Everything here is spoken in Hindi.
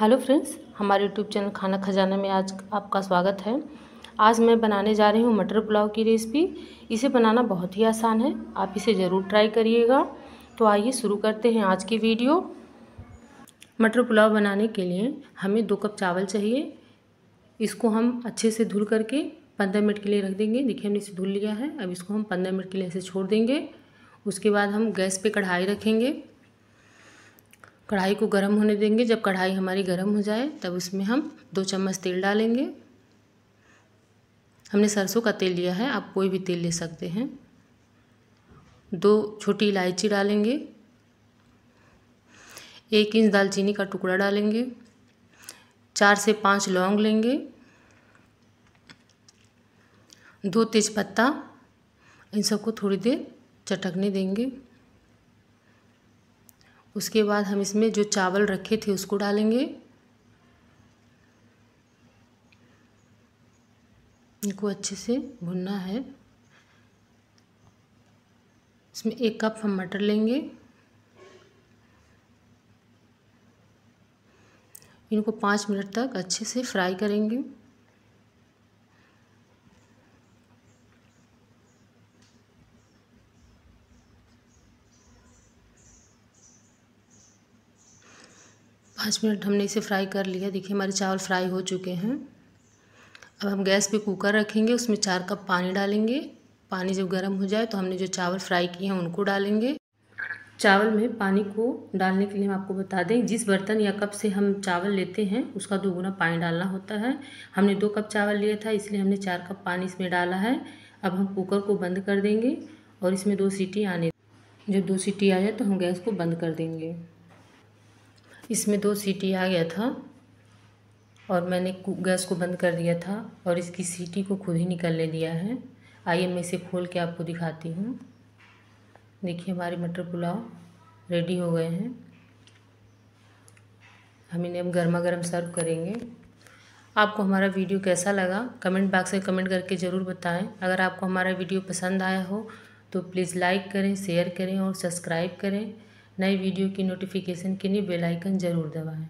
हेलो फ्रेंड्स हमारे यूट्यूब चैनल खाना खजाना में आज आपका स्वागत है आज मैं बनाने जा रही हूँ मटर पुलाव की रेसिपी इसे बनाना बहुत ही आसान है आप इसे ज़रूर ट्राई करिएगा तो आइए शुरू करते हैं आज की वीडियो मटर पुलाव बनाने के लिए हमें दो कप चावल चाहिए इसको हम अच्छे से धुल करके पंद्रह मिनट के लिए रख देंगे देखिए हमने इसे धुल लिया है अब इसको हम पंद्रह मिनट के लिए ऐसे छोड़ देंगे उसके बाद हम गैस पे कढ़ाई रखेंगे कढ़ाई को गर्म होने देंगे जब कढ़ाई हमारी गर्म हो जाए तब उसमें हम दो चम्मच तेल डालेंगे हमने सरसों का तेल लिया है आप कोई भी तेल ले सकते हैं दो छोटी इलायची डालेंगे एक इंच दालचीनी का टुकड़ा डालेंगे चार से पाँच लौंग लेंगे दो तेज़पत्ता इन सबको थोड़ी देर चटकने देंगे उसके बाद हम इसमें जो चावल रखे थे उसको डालेंगे इनको अच्छे से भुनना है इसमें एक कप हम मटर लेंगे इनको पाँच मिनट तक अच्छे से फ्राई करेंगे पाँच मिनट हमने इसे फ्राई कर लिया देखिए हमारे चावल फ्राई हो चुके हैं अब हम गैस पे कुकर रखेंगे उसमें चार कप पानी डालेंगे पानी जब गर्म हो जाए तो हमने जो चावल फ्राई किए हैं उनको डालेंगे चावल में पानी को डालने के लिए हम आपको बता दें जिस बर्तन या कप से हम चावल लेते हैं उसका दोगुना पानी डालना होता है हमने दो कप चावल लिया था इसलिए हमने चार कप पानी इसमें डाला है अब हम कुकर को बंद कर देंगे और इसमें दो सीटी आने जब दो सीटी आ जाए तो हम गैस को बंद कर देंगे इसमें दो सीटी आ गया था और मैंने गैस को बंद कर दिया था और इसकी सीटी को खुद ही ले दिया है आइए मैं इसे खोल के आपको दिखाती हूँ देखिए हमारे मटर पुलाव रेडी हो गए हैं हम इन्हें अब गर्मा गर्म सर्व करेंगे आपको हमारा वीडियो कैसा लगा कमेंट बॉक्स में कमेंट करके ज़रूर बताएं अगर आपको हमारा वीडियो पसंद आया हो तो प्लीज़ लाइक करें शेयर करें और सब्सक्राइब करें नई वीडियो की नोटिफिकेशन के लिए बेल आइकन ज़रूर दबाएं